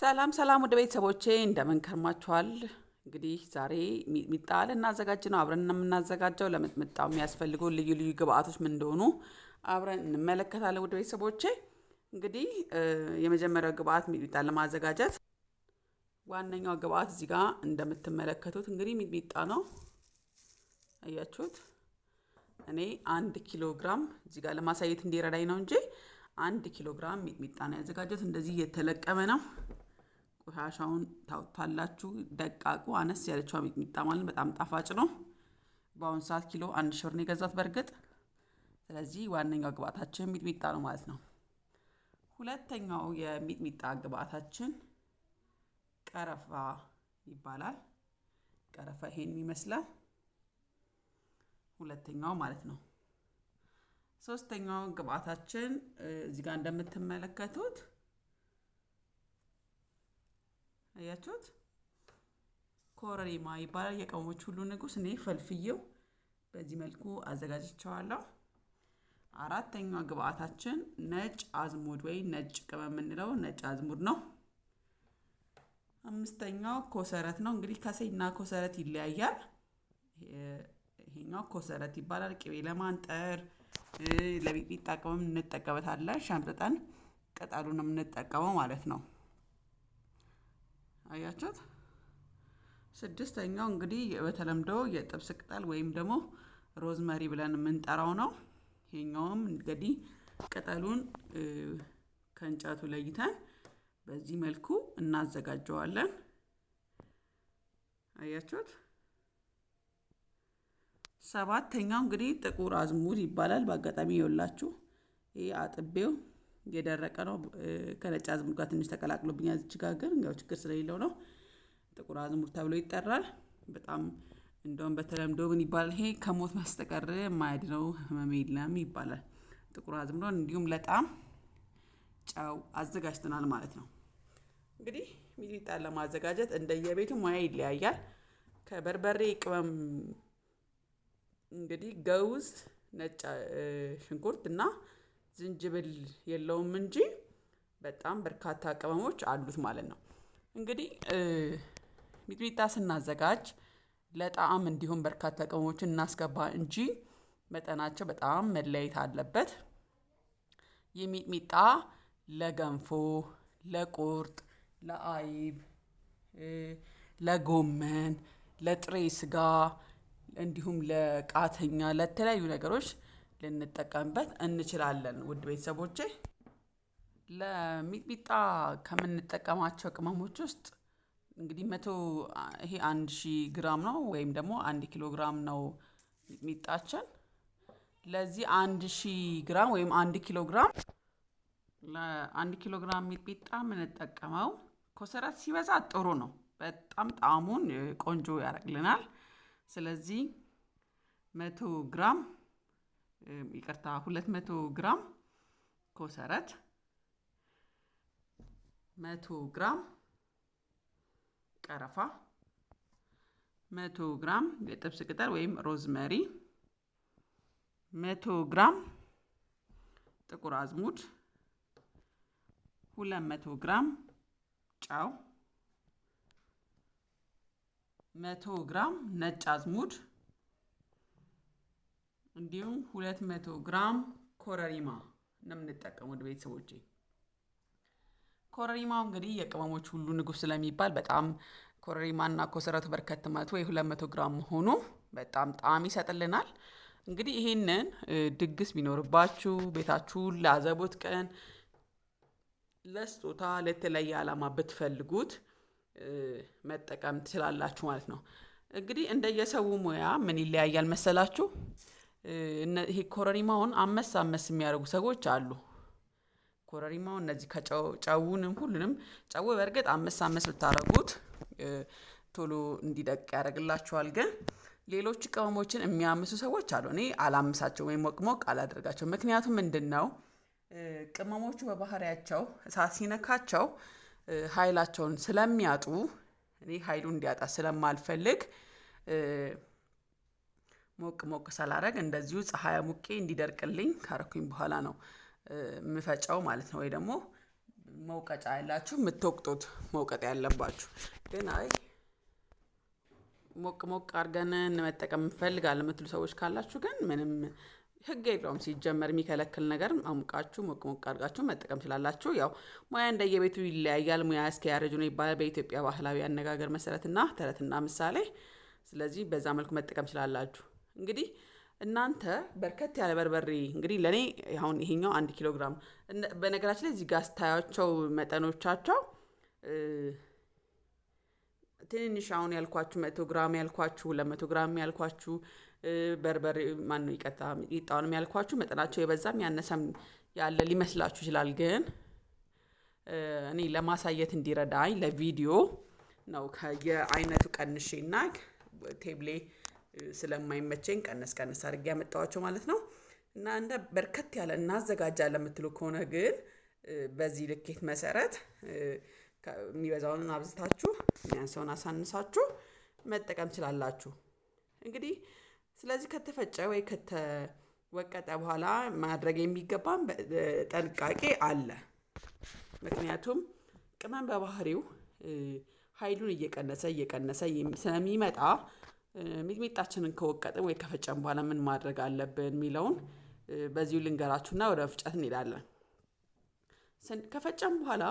ሰላም ሰላም፣ ወደ ቤተሰቦቼ እንደምን ከርማችኋል? እንግዲህ ዛሬ ሚጥሚጣ እናዘጋጅ ነው። አብረን የምናዘጋጀው ለምጥምጣው የሚያስፈልጉ ልዩ ልዩ ግብአቶች ምን እንደሆኑ አብረን እንመለከታለን። ወደ ቤተሰቦቼ እንግዲህ የመጀመሪያው ግብአት ሚጥሚጣ ለማዘጋጀት ዋነኛው ግብአት እዚህ ጋር እንደምትመለከቱት እንግዲህ ሚጥሚጣ ነው። አያችሁት? እኔ አንድ ኪሎ ግራም እዚህ ጋር ለማሳየት እንዲረዳኝ ነው እንጂ አንድ ኪሎ ግራም ሚጥሚጣ ነው ያዘጋጀት። እንደዚህ እየተለቀመ ነው ቆሻሻውን ታውታላችሁ። ደቃቁ አነስ ያለችው ሚጥሚጣ በጣም ጣፋጭ ነው። በአሁኑ ሰዓት ኪሎ አንድ ሽር ነው የገዛት በእርግጥ። ስለዚህ ዋነኛው ግባታችን ሚጥሚጣ ነው ማለት ነው። ሁለተኛው የሚጥሚጣ ግባታችን ቀረፋ ይባላል። ቀረፋ ይሄን ይመስላል ሁለተኛው ማለት ነው። ሶስተኛው ግብአታችን እዚህ ጋር እንደምትመለከቱት አያችሁት? ኮረሪማ ይባላል። የቅመሞች ሁሉ ንጉስ እኔ ፈልፍየው በዚህ መልኩ አዘጋጅቸዋለሁ። አራተኛው ግብአታችን ነጭ አዝሙድ ወይ ነጭ ቅመም የምንለው ነጭ አዝሙድ ነው። አምስተኛው ኮሰረት ነው። እንግዲህ ከሰይና ኮሰረት ይለያያል። ይሄኛው ኮሰረት ይባላል። ቅቤ ለማንጠር ለቢቢጣ ቅመም እንጠቀምበታለን። ሻምጥጠን ቅጠሉንም እንጠቀመው ማለት ነው። አያችሁት። ስድስተኛው እንግዲህ በተለምዶ የጥብስ ቅጠል ወይም ደግሞ ሮዝመሪ ብለን የምንጠራው ነው። ይሄኛውም እንግዲህ ቅጠሉን ከእንጨቱ ለይተን በዚህ መልኩ እናዘጋጀዋለን። አያችሁት። ሰባተኛው እንግዲህ ጥቁር አዝሙድ ይባላል። በአጋጣሚ ይኸውላችሁ ይህ አጥቤው የደረቀ ነው። ከነጭ አዝሙድ ጋር ትንሽ ተቀላቅሎብኛ ዝችጋ ግን ያው ችግር ስለሌለው ነው። ጥቁር አዝሙድ ተብሎ ይጠራል። በጣም እንደውም በተለምዶ ምን ይባላል ይሄ ከሞት በስተቀር የማያድነው ህመም የለም ይባላል። ጥቁር አዝሙድ እንዲሁም ለጣም ጨው አዘጋጅተናል ማለት ነው። እንግዲህ ሚጥሚጣን ለማዘጋጀት እንደየቤቱ ሙያ ይለያያል። ከበርበሬ ቅመም እንግዲህ ገውዝ፣ ነጭ ሽንኩርት እና ዝንጅብል የለውም እንጂ በጣም በርካታ ቅመሞች አሉት ማለት ነው። እንግዲህ ሚጥሚጣ ስናዘጋጅ ለጣዕም እንዲሁም በርካታ ቅመሞችን እናስገባ እንጂ መጠናቸው በጣም መለየት አለበት። የሚጥሚጣ ለገንፎ፣ ለቁርጥ፣ ለአይብ፣ ለጎመን፣ ለጥሬ ስጋ እንዲሁም ለቃተኛ ለተለያዩ ነገሮች ልንጠቀምበት እንችላለን። ውድ ቤተሰቦቼ ለሚጥሚጣ ከምንጠቀማቸው ቅመሞች ውስጥ እንግዲህ መቶ ይሄ አንድ ሺ ግራም ነው ወይም ደግሞ አንድ ኪሎ ግራም ነው ሚጥሚጣችን። ለዚህ አንድ ሺ ግራም ወይም አንድ ኪሎ ግራም ለአንድ ኪሎ ግራም ሚጥሚጣ የምንጠቀመው ኮሰረት ሲበዛ ጥሩ ነው። በጣም ጣዕሙን ቆንጆ ያደርግልናል። ስለዚህ መቶ ግራም ይቅርታ 200 ግራም ኮሰረት፣ 100 ግራም ቀረፋ፣ 100 ግራም የጥብስ ቅጠል ወይም ሮዝመሪ፣ 100 ግራም ጥቁር አዝሙድ፣ 200 ግራም ጫው 100 ግራም ነጭ አዝሙድ እንዲሁም 200 ግራም ኮረሪማ ነው የምንጠቀመው። ወደ ቤተሰቦቼ ኮረሪማው እንግዲህ የቅመሞች ሁሉ ንጉስ ስለሚባል በጣም ኮረሪማና ኮሰረቱ በርከት ማለት ወይ 200 ግራም መሆኑ በጣም ጣዕም ይሰጥልናል። እንግዲህ ይህንን ድግስ ቢኖርባችሁ ቤታችሁን ለአዘቦት ቀን ለስጦታ ለተለያየ አላማ ብትፈልጉት መጠቀም ትችላላችሁ ማለት ነው። እንግዲህ እንደየሰው ሙያ ምን ይለያያል መሰላችሁ? ይሄ ኮረሪማውን አመስ አመስ የሚያደርጉ ሰዎች አሉ። ኮረሪማው እነዚህ ከጨውንም ሁሉንም ጨው በእርግጥ አመስ አመስ ብታደርጉት ቶሎ እንዲደቅ ያደረግላቸዋል ግን ሌሎች ቅመሞችን የሚያምሱ ሰዎች አሉ። እኔ አላምሳቸው ወይም ሞቅሞቅ አላደርጋቸው። ምክንያቱም ምንድን ነው ቅመሞቹ በባህሪያቸው እሳት ሲነካቸው ኃይላቸውን ስለሚያጡ እኔ ኃይሉ እንዲያጣ ስለማልፈልግ ሞቅ ሞቅ ሳላረግ እንደዚሁ ፀሐይ ሙቄ እንዲደርቅልኝ ካረኩኝ በኋላ ነው የምፈጨው ማለት ነው። ወይ ደግሞ መውቀጫ ያላችሁ የምትወቅጡት መውቀጥ ያለባችሁ ግን አይ ሞቅ ሞቅ አርገን መጠቀም እንፈልጋለን የምትሉ ሰዎች ካላችሁ ግን ምንም ሕግ የለውም ሲጀመር የሚከለክል ነገር። አሙቃችሁ ሞቅ ሞቅ አርጋችሁ መጠቀም ትችላላችሁ። ያው ሙያ እንደየቤቱ ይለያያል። ሙያ እስከ ያረጁ ነው ይባላል በኢትዮጵያ ባህላዊ አነጋገር መሰረትና ተረትና ምሳሌ። ስለዚህ በዛ መልኩ መጠቀም ትችላላችሁ። እንግዲህ እናንተ በርከት ያለ በርበሬ እንግዲህ ለእኔ አሁን ይሄኛው አንድ ኪሎ ግራም በነገራችን ላይ እዚህ ጋር ስታያቸው መጠኖቻቸው ትንንሽ አሁን ያልኳችሁ መቶ ግራም ያልኳችሁ ለመቶ ግራም ያልኳችሁ በርበሬ ማን ነው ይቀጣ ይጣውንም ያልኳችሁ መጠናቸው የበዛም ያነሰም ያለ ሊመስላችሁ ይችላል። ግን እኔ ለማሳየት እንዲረዳኝ ለቪዲዮ ነው ከየአይነቱ ቀንሼ እና ቴብሌ ስለማይመቸኝ ቀነስ ቀነስ አድርጌ ያመጣዋቸው ማለት ነው። እና እንደ በርከት ያለ እናዘጋጃ ለምትሉ ከሆነ ግን በዚህ ልኬት መሰረት የሚበዛውን አብዝታችሁ የሚያንሰውን አሳንሳችሁ መጠቀም ችላላችሁ። እንግዲህ ስለዚህ ከተፈጨ ወይ ከተወቀጠ በኋላ ማድረግ የሚገባን ጥንቃቄ አለ። ምክንያቱም ቅመም በባህሪው ኃይሉን እየቀነሰ እየቀነሰ ስለሚመጣ ሚጥሚጣችንን ከወቀጥን ወይ ከፈጨን በኋላ ምን ማድረግ አለብን የሚለውን በዚሁ ልንገራችሁና ወደ መፍጨት እንሄዳለን። ከፈጨን በኋላ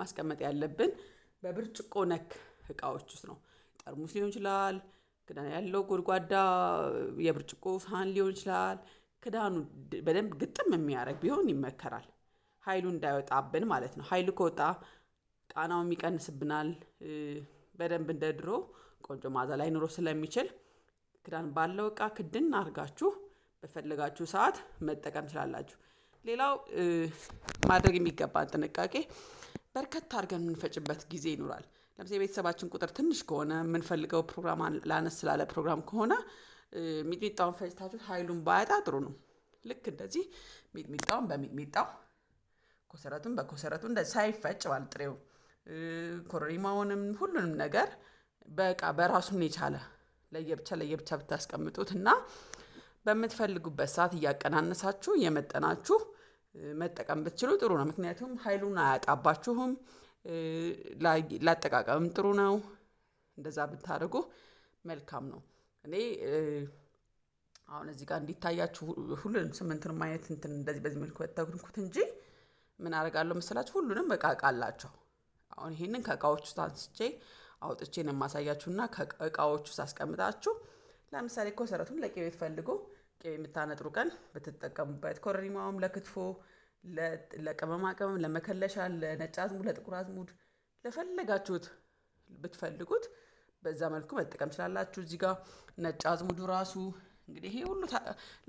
ማስቀመጥ ያለብን በብርጭቆ ነክ እቃዎች ውስጥ ነው። ጠርሙስ ሊሆን ይችላል፣ ክዳን ያለው ጎድጓዳ የብርጭቆ ሳህን ሊሆን ይችላል። ክዳኑ በደንብ ግጥም የሚያደረግ ቢሆን ይመከራል። ኃይሉ እንዳይወጣብን ማለት ነው። ኃይሉ ከወጣ ቃናው ይቀንስብናል። በደንብ እንደ ድሮ ቆንጆ ማዛ ላይ ኑሮ ስለሚችል ክዳን ባለው እቃ ክድን አድርጋችሁ በፈለጋችሁ ሰዓት መጠቀም ትችላላችሁ። ሌላው ማድረግ የሚገባን ጥንቃቄ በርከት አድርገን የምንፈጭበት ጊዜ ይኖራል። ለምሳሌ የቤተሰባችን ቁጥር ትንሽ ከሆነ የምንፈልገው ፕሮግራም ላነስ ስላለ ፕሮግራም ከሆነ ሚጥሚጣውን ፈጭታችሁ ሀይሉን ባያጣ ጥሩ ነው። ልክ እንደዚህ ሚጥሚጣውን በሚጥሚጣው ኮሰረቱን በኮሰረቱ እንደ ሳይፈጭ ባል ጥሬው ሁሉንም ነገር በቃ በራሱን የቻለ ለየብቻ ለየብቻ ብታስቀምጡት እና በምትፈልጉበት ሰዓት እያቀናነሳችሁ እየመጠናችሁ መጠቀም ብትችሉ ጥሩ ነው። ምክንያቱም ኃይሉን አያጣባችሁም፣ ላጠቃቀምም ጥሩ ነው። እንደዛ ብታደርጉ መልካም ነው። እኔ አሁን እዚህ ጋር እንዲታያችሁ ሁሉንም ስምንቱንም ማየት እንትን እንደዚህ በዚህ መልኩ በተኩንኩት እንጂ ምን አደርጋለሁ መሰላችሁ ሁሉንም እቃቃላቸው። አሁን ይህንን ከእቃዎች ውስጥ አንስቼ አውጥቼ ነው የማሳያችሁና ከእቃዎቹ ሳስቀምጣችሁ ለምሳሌ ኮሰረቱን ለቅቤ ፈልጎ ቅቤ የምታነጥሩ ቀን ብትጠቀሙበት፣ ኮረሪማውም ለክትፎ፣ ለቅመማ ቅመም፣ ለመከለሻ፣ ለነጭ አዝሙድ፣ ለጥቁር አዝሙድ ለፈለጋችሁት ብትፈልጉት በዛ መልኩ መጠቀም ትችላላችሁ። እዚህ ጋር ነጭ አዝሙዱ ራሱ እንግዲህ ይሄ ሁሉ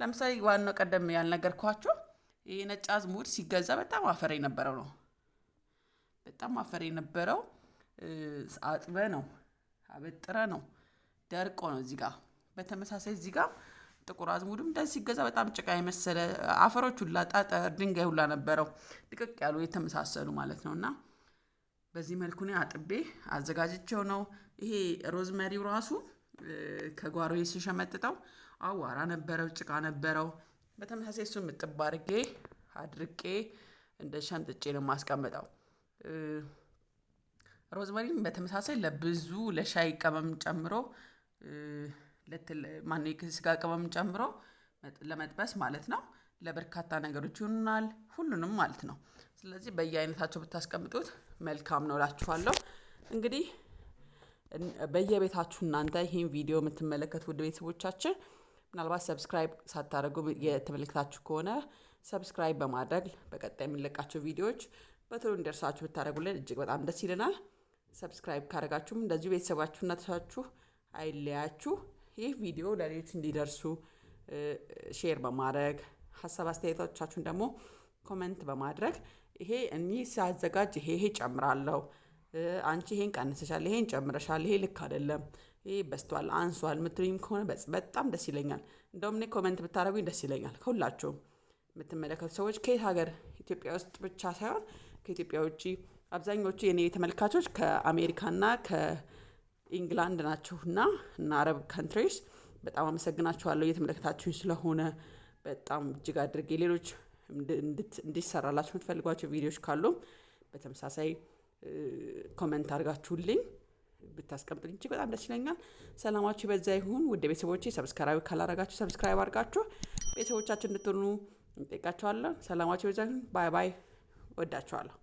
ለምሳሌ ዋናው ቀደም ያልነገርኳቸው ይሄ ነጭ አዝሙድ ሲገዛ በጣም አፈር የነበረው ነው። በጣም አፈር የነበረው አጥበ ነው አበጥረ ነው ደርቆ ነው። እዚህ ጋር በተመሳሳይ እዚህ ጋር ጥቁር አዝሙድም ደስ ሲገዛ በጣም ጭቃ የመሰለ አፈሮች ሁላ ጠጠር ድንጋይ ሁላ ነበረው ጥቅቅ ያሉ የተመሳሰሉ ማለት ነው። እና በዚህ መልኩ ነው አጥቤ አዘጋጅቸው ነው። ይሄ ሮዝመሪው ራሱ ከጓሮ ሲሸመጥጠው አዋራ ነበረው፣ ጭቃ ነበረው። በተመሳሳይ እሱ ምጥባርጌ አድርቄ እንደ ሸምጥጬ ነው የማስቀምጠው። ሮዝመሪን በተመሳሳይ ለብዙ ለሻይ ቅመም ጨምሮ ማን ስጋ ቅመም ጨምሮ ለመጥበስ ማለት ነው ለበርካታ ነገሮች ይሆኑናል፣ ሁሉንም ማለት ነው። ስለዚህ በየአይነታቸው ብታስቀምጡት መልካም ነው እላችኋለሁ። እንግዲህ በየቤታችሁ እናንተ ይህን ቪዲዮ የምትመለከቱ ውድ ቤተሰቦቻችን ምናልባት ሰብስክራይብ ሳታደረጉ የተመለከታችሁ ከሆነ ሰብስክራይብ በማድረግ በቀጣይ የሚለቃቸው ቪዲዮዎች በቶሎ እንደርሳችሁ ብታደረጉልን እጅግ በጣም ደስ ይለናል። ሰብስክራይብ ካደረጋችሁም እንደዚሁ ቤተሰባችሁነታችሁ አይለያችሁ። ይህ ቪዲዮ ለሌሎች እንዲደርሱ ሼር በማድረግ ሀሳብ አስተያየቶቻችሁን ደግሞ ኮመንት በማድረግ ይሄ እኒ ሲያዘጋጅ ይሄ ይሄ ጨምራለሁ፣ አንቺ ይሄን ቀንሰሻል፣ ይሄን ጨምረሻል፣ ይሄ ልክ አይደለም፣ ይሄ በስቷል፣ አንሷል ምትሪም ከሆነ በጣም ደስ ይለኛል። እንደውም እኔ ኮመንት ብታደረጉኝ ደስ ይለኛል። ከሁላችሁም የምትመለከቱ ሰዎች ከየት ሀገር ኢትዮጵያ ውስጥ ብቻ ሳይሆን ከኢትዮጵያ ውጭ አብዛኞቹ የኔ ተመልካቾች ከአሜሪካና ከኢንግላንድ ናችሁና እና አረብ ካንትሪስ በጣም አመሰግናችኋለሁ እየተመለከታችሁኝ ስለሆነ በጣም እጅግ አድርጌ ሌሎች እንዲሰራላችሁ የምትፈልጓቸው ቪዲዮዎች ካሉ በተመሳሳይ ኮመንት አድርጋችሁልኝ ብታስቀምጡልኝ እጅግ በጣም ደስ ይለኛል። ሰላማችሁ በዛ ይሁን። ውድ ቤተሰቦች ሰብስክራይብ ካላረጋችሁ ሰብስክራይብ አድርጋችሁ ቤተሰቦቻችሁ እንድትሆኑ እንጠይቃችኋለን። ሰላማችሁ በዛ ይሁን። ባይ ባይ። ወዳችኋለሁ።